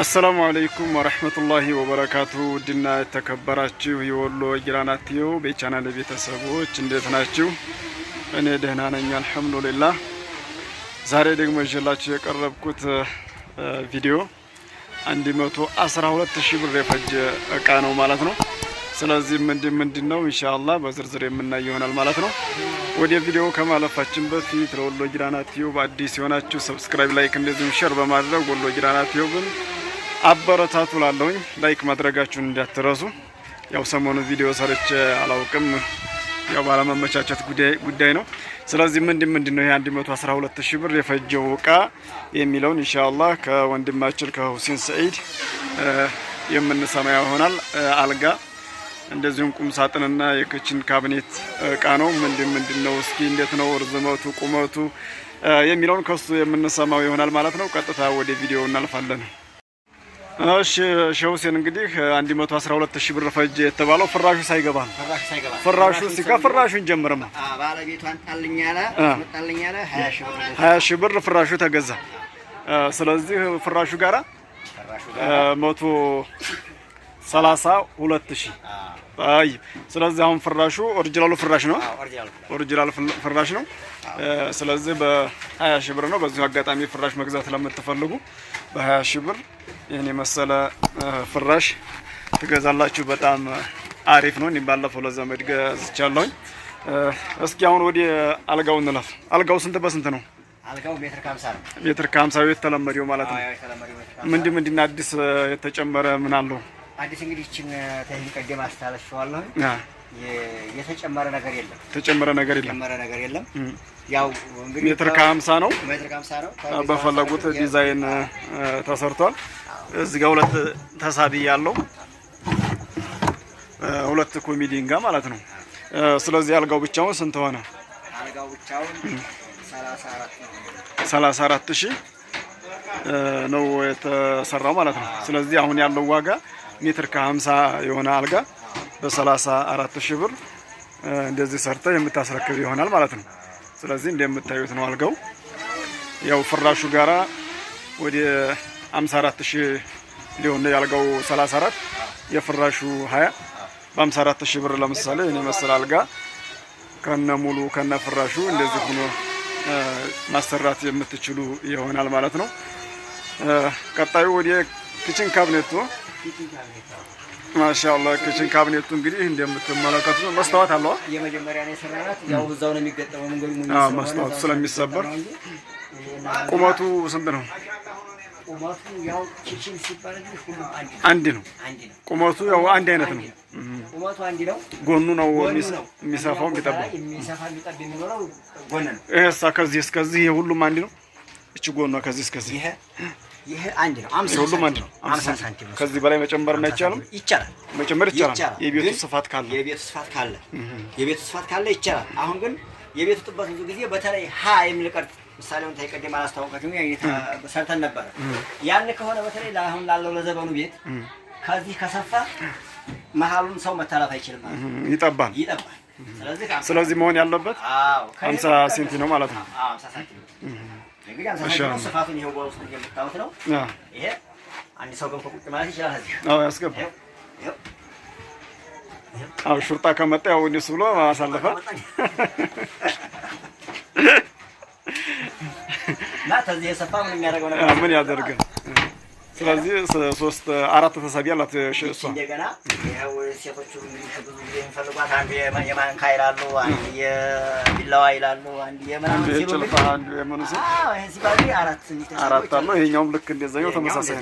አሰላሙ አለይኩም ወረህመቱላሂ ወበረካቱ። ውድና የተከበራችሁ የወሎ ጊራናትዮ በቻናል ቤተሰቦች እንዴት ናችሁ? እኔ ደህና ነኝ አልሐምዱሊላህ። ዛሬ ደግሞ ይዤላችሁ የቀረብኩት ቪዲዮ 112 ሺህ ብር የፈጀ እቃ ነው ማለት ነው። ስለዚህ ምንድን ምንድን ነው ኢንሻአላህ በዝርዝር የምናይ ይሆናል ማለት ነው። ወደ ቪዲዮ ከማለፋችን በፊት ለወሎ ጊራናትዮ በአዲስ የሆናችሁ ሰብስክራይብ፣ ላይክ እንደዚሁም ሸር በማድረግ ወሎ ጊራናትዮ አበረታቱ ላለሁኝ ላይክ ማድረጋችሁን እንዳትረሱ። ያው ሰሞኑ ቪዲዮ ሰርች አላውቅም፣ ያው ባለመመቻቸት ጉዳይ ነው። ስለዚህ ምንድን ምንድን ነው ይሄ 112 ሺህ ብር የፈጀው እቃ የሚለውን ኢንሻአላህ ከወንድማችን ከሁሴን ሰዒድ የምንሰማ ይሆናል። አልጋ እንደዚሁም ቁም ሳጥንና የክችን ካቢኔት እቃ ነው። ምንድን ምንድን ነው እስኪ እንዴት ነው እርዝመቱ፣ ቁመቱ የሚለውን ከሱ የምንሰማው ይሆናል ማለት ነው። ቀጥታ ወደ ቪዲዮ እናልፋለን። እሺ ሼህ ሁሴን እንግዲህ 112 ሺህ ብር ፈጅ የተባለው ፍራሹ ሳይገባ ነው። ፍራሹ ሲጋ ፍራሹን ጀምርማ ባለቤቷን ጣልኛለ ጣልኛለ 20 ሺህ ብር ፍራሹ ተገዛ። ስለዚህ ፍራሹ ጋራ 132 ሺህ አይ፣ ስለዚህ አሁን ፍራሹ ኦሪጂናሉ ፍራሽ ነው። ኦሪጅናል ፍራሽ ነው። ስለዚህ በ20 ሺህ ብር ነው። በዚሁ አጋጣሚ ፍራሽ መግዛት ለምትፈልጉ በ20 ሺህ ብር ይህን የመሰለ ፍራሽ ትገዛላችሁ። በጣም አሪፍ ነው። እኔ ባለፈው ለዘመድ ገዝቻለሁኝ። እስኪ አሁን ወደ አልጋው እንለፍ። አልጋው ስንት በስንት ነው? አልጋው ሜትር ከሀምሳ ነው። ሜትር ከሀምሳ የተለመደው ማለት ነው። ምንድን ምንድን አዲስ የተጨመረ ምን አለው? አዲስ እንግዲህ ይችን ተህን ቀደም አስታለሽዋለሁ። የተጨመረ ነገር የለም። ተጨመረ ነገር የለም። ተጨመረ ነገር የለም። ያው እንግዲህ ሜትር ከሀምሳ ነው። ሜትር ከሀምሳ ነው። በፈለጉት ዲዛይን ተሰርቷል። እዚህ ጋር ሁለት ተሳቢ ያለው ሁለት ኮሚዲን ጋር ማለት ነው። ስለዚህ አልጋው ብቻውን ስንት ሆነ? አልጋው ብቻውን 34 ሺህ ነው የተሰራው ማለት ነው። ስለዚህ አሁን ያለው ዋጋ ሜትር ከ50 የሆነ አልጋ በ34 ሺህ ብር እንደዚህ ሰርተ የምታስረክብ ይሆናል ማለት ነው። ስለዚህ እንደምታዩት ነው አልጋው ያው ፍራሹ ጋራ ወደ 54 ሺህ ሊሆን ነው ያልጋው የፍራሹ ሀያ በ54 ሺህ ብር ለምሳሌ እኔ መሰል አልጋ ከነ ሙሉ ከነ ፍራሹ እንደዚህ ሆኖ ማሰራት የምትችሉ ይሆናል ማለት ነው። ቀጣዩ ወደ ኪችን ካብኔቱ ማሻአላ ኪችን ካብኔቱ እንግዲህ እንደምትመለከቱ መስታወት አለው። የመጀመሪያ ነው የሰራናት ያው እዛው ነው የሚገጠመው መንገዱ መስታወቱ ስለሚሰበር ቁመቱ ስንት ነው? ቁመቱ ያው ቺቺን ሲባል ሁሉም አንድ ነው። ቁመቱ ያው አንድ አይነት ነው። ቁመቱ አንድ ነው። ጎኑ ነው የሚሰፋው የሚጠባው የሚኖረው ጎን ነው። ይሄሳ ከዚህ እስከዚህ ይሄ ሁሉም አንድ ነው። እቺ ጎኗ ከዚህ እስከዚህ ይሄ ይሄ አንድ ነው። አምሳ ሁሉም አንድ ነው። አምሳ ሳንቲም ከዚህ በላይ መጨመር አይቻልም። ይቻላል፣ መጨመር ይቻላል። የቤቱ ስፋት ካለ የቤቱ ስፋት ካለ የቤቱ ስፋት ካለ ይቻላል። አሁን ግን የቤቱ ጥበት ብዙ ጊዜ በተለይ ሀ የሚል ቀርጽ ምሳሌውን ታይቀደም አላስታወቃችሁም ሰርተን ነበረ። ያን ከሆነ በተለይ አሁን ላለው ለዘበኑ ቤት ከዚህ ከሰፋ መሀሉን ሰው መታለፍ አይችልም ማለት ይጠባል ይጠባል። ስለዚህ መሆን ያለበት ሀምሳ ሴንቲ ነው ማለት ነው። እንግዲህ ሀምሳ ሴንቲ ነው። ስፋቱን ነው። ይሄ አንድ ሰው ገብቶ ቁጭ ማለት ይችላል። አዎ ያስገባል። ሹርጣ ከመጣ ያው እኔስ ብሎ አሳለፈ። ምን ያደርግ። ስለዚህ ሶስት አራት ተሳቢ አላት እሷ። እንደገና ይኸው ሴቶቹ ብዙ የሚፈልጓት አንዱ አንዱ የቢላዋ ይላሉ፣ አንዱ አንዱ አራት ይሄኛውም ልክ እንደዛኛው ነው ተመሳሳይ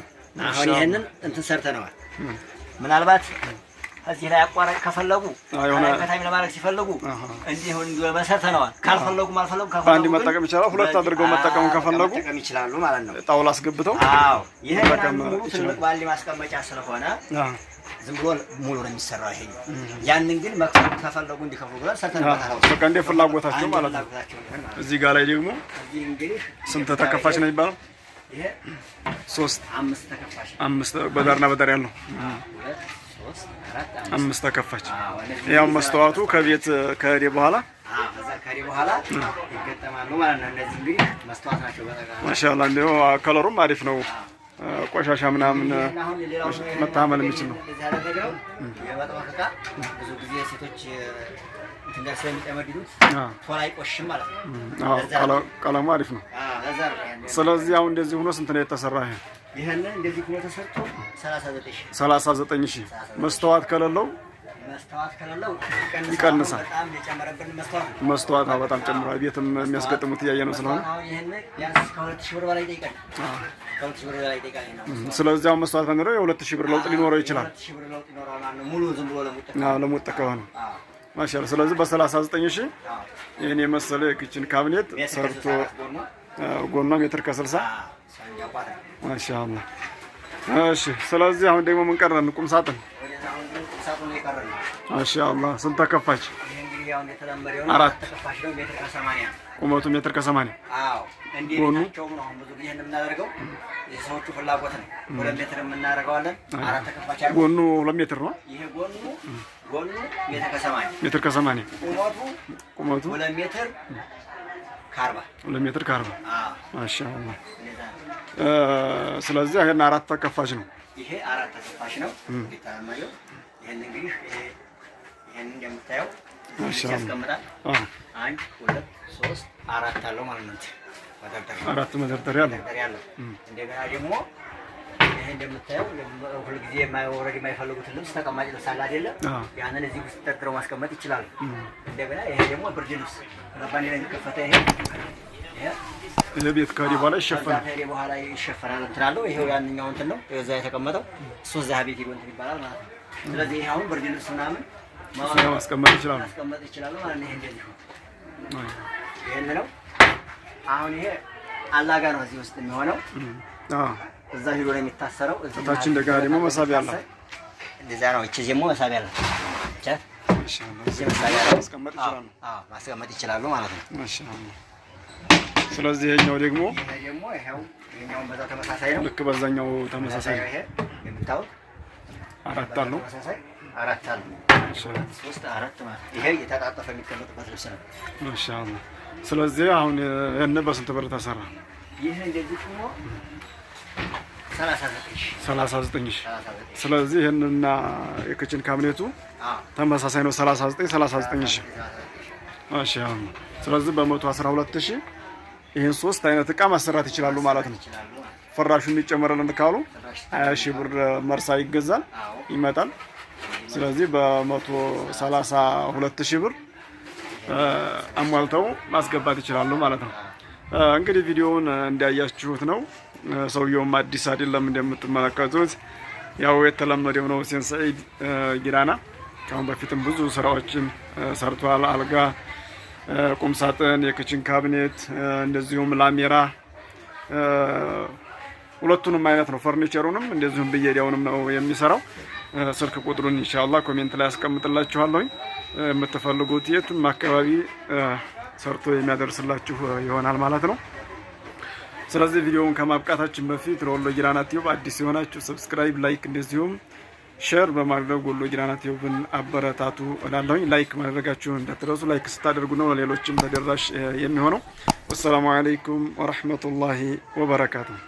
ነው። አሁን ይሄንን እንትን ሰርተነዋል ምናልባት እዚህ ላይ አቋራጭ ከፈለጉ ከታይም ለማድረግ ሲፈልጉ እንዲሁ መሰርተነዋል። ካልፈለጉ አልፈለጉ በአንድ መጠቀም ይችላል። ሁለት አድርገው መጠቀም ከፈለጉ መጠቀም ይችላሉ ማለት ነው። ጣውላ አስገብተው ይህ ሙሉ ትልቅ ባሊ ማስቀመጫ ስለሆነ ዝም ብሎ ሙሉ ነው የሚሰራው። ይሄ ያንን ግን መክፈል ከፈለጉ እንዲከፍሉ ብለን ሰርተንበታል። በቃ እንደ ፍላጎታቸው ማለት ነው። እዚህ ጋር ላይ ደግሞ ስንት ተከፋች ነው የሚባለው? ሶስት አምስት በዳርና በዳር ያለው አምስት ተከፋች። ያው መስተዋቱ ከቤት ከሄደ በኋላ ማሻላ እንዲሁ ከለሩም አሪፍ ነው። ቆሻሻ ምናምን መታመል የሚችል ነው። ቀለሙ አሪፍ ነው። ስለዚህ አሁን እንደዚህ ሆኖ ስንት ነው የተሰራ ይሄ? ይሄን እንደዚህ ሆኖ ተሰርቶ 39000 39000 መስተዋት ከሌለው መስተዋት ከሌለው ይቀንሳል። በጣም የጨመረብን መስተዋት መስተዋት በጣም ጨምሯል። ቤትም የሚያስገጥሙት እያየ ነው ስለሆነ ይሄን ቢያንስ ከሁለት ብር በላይ ይጠይቃል ከሁለት ሺህ ብር በላይ ይጠይቃል። ስለዚህ አሁን መስተዋት ከኖረው ብር ለውጥ ሊኖረው ይችላል። ሙሉ ዝም ብሎ ለሙጥ አዎ ለሙጥ ከሆነ ስለዚህ በ39000 ይሄን የመሰለ የኪችን ካቢኔት ሰርቶ ጎኗ ሜትር ከ60 ማሻአላ። እሺ፣ ስለዚህ አሁን ደግሞ ምን ቀረን? ቁም ሳጥን ማሻአላ። ስንት ተከፋች? አራት ቁመቱ ሜትር ከሰማንያ ጎኑ የሰዎቹ ፍላጎት ነው። ሁለት ሜትር የምናደርገዋለን። አራት ተከፋች ጎኑ ሁለት ሜትር ነው። ይሄ ጎኑ ጎኑ ሜትር ከሰማንያ ቁመቱ ቁመቱ ሁለት ሜትር ከአርባ ሁለት ሜትር ከአርባ ማሻአላ ስለዚህ ይሄን አራት ተከፋች ነው። ይሄ አራት ተከፋች ነው። ይሄን እንግዲህ እንደምታየው አንድ ሁለት ሶስት አራት አለው ማለት ነው። አራት መደርደሪያ አለው። እንደገና ደግሞ ይሄ እንደምታየው ሁልጊዜ ወረድ የማይፈልጉትን ልብስ ተቀማጭ ልብስ አለ አይደለ? ያንን እዚህ ውስጥ ደርድረው ማስቀመጥ ይችላሉ። እንደገና ይሄ ደግሞ ብርድ ልብስ ረባንዴ ላይ የሚከፈተው ይሄ ለቤት ከሄደ በኋላ ይሸፈናል። ከሄደ በኋላ ይሸፈናል እንትናለው። ይሄው ያንኛው እንትን ነው እዛ የተቀመጠው እሱ እዛ ቤት ሄዶ እንትን ይባላል ማለት ነው። ስለዚህ ይሄ አሁን ብርድ ልብስ ምናምን ማስቀመጥ ይችላሉ ማስቀመጥ ይችላሉ ማለት ነው። ይሄ እንደዚህ ይሄን ነው አሁን ይሄ አላጋ ነው እዚህ ውስጥ የሚሆነው። እዛ ሂዶ ነው የሚታሰረው። ታች እንደገና ደግሞ መሳቢያ አለ። እንደዛ ነው። እቺ ደግሞ መሳቢያ አለ። ማስቀመጥ ይችላሉ ማለት ነው። ስለዚህ ይሄኛው ደግሞ ልክ በዛኛው ተመሳሳይ አራት አራት አሉ። ማሻአላ። ስለዚህ አሁን ይህን በስንት ብር ተሰራ? ይህ ሰላሳ ዘጠኝ ሺህ ስለዚህ ይህንና የክችን ካብኔቱ ተመሳሳይ ነው። ሰላሳ ዘጠኝ ሰላሳ ዘጠኝ ሺህ ማሻአላ። ስለዚህ በመቶ አስራ ሁለት ሺህ ይህን ሶስት አይነት እቃ ማሰራት ይችላሉ ማለት ነው። ፍራሹን ይጨመረልን ካሉ ሀያ ሺህ ብር መርሳ ይገዛል ይመጣል። ስለዚህ በመቶ ሰላሳ ሁለት ሺህ ብር አሟልተው ማስገባት ይችላሉ ማለት ነው። እንግዲህ ቪዲዮውን እንዲያያችሁት ነው። ሰውየውም አዲስ አይደለም። እንደምትመለከቱት ያው የተለመደው ነው። ሁሴን ሰዒድ ጊዳና ከአሁን በፊትም ብዙ ስራዎችን ሰርቷል። አልጋ ቁም ሳጥን፣ የክችን ካቢኔት እንደዚሁም ላሜራ ሁለቱንም አይነት ነው ፈርኒቸሩንም እንደዚሁም ብየዳውንም ነው የሚሰራው። ስልክ ቁጥሩን ኢንሻአላህ ኮሜንት ላይ አስቀምጥላችኋለሁ። የምትፈልጉት የትም አካባቢ ሰርቶ የሚያደርስላችሁ ይሆናል ማለት ነው። ስለዚህ ቪዲዮውን ከማብቃታችን በፊት ለወሎ ጊራና ቲዩብ አዲስ የሆናችሁ ሰብስክራይብ፣ ላይክ እንደዚሁም ሼር በማድረግ ወሎ ጊራና ቲዩብን አበረታቱ እላለሁኝ። ላይክ ማድረጋችሁን እንዳትረሱ። ላይክ ስታደርጉ ነው ለሌሎችም ተደራሽ የሚሆነው። ወሰላሙ አለይኩም ወረህመቱላሂ ወበረካቱሁ።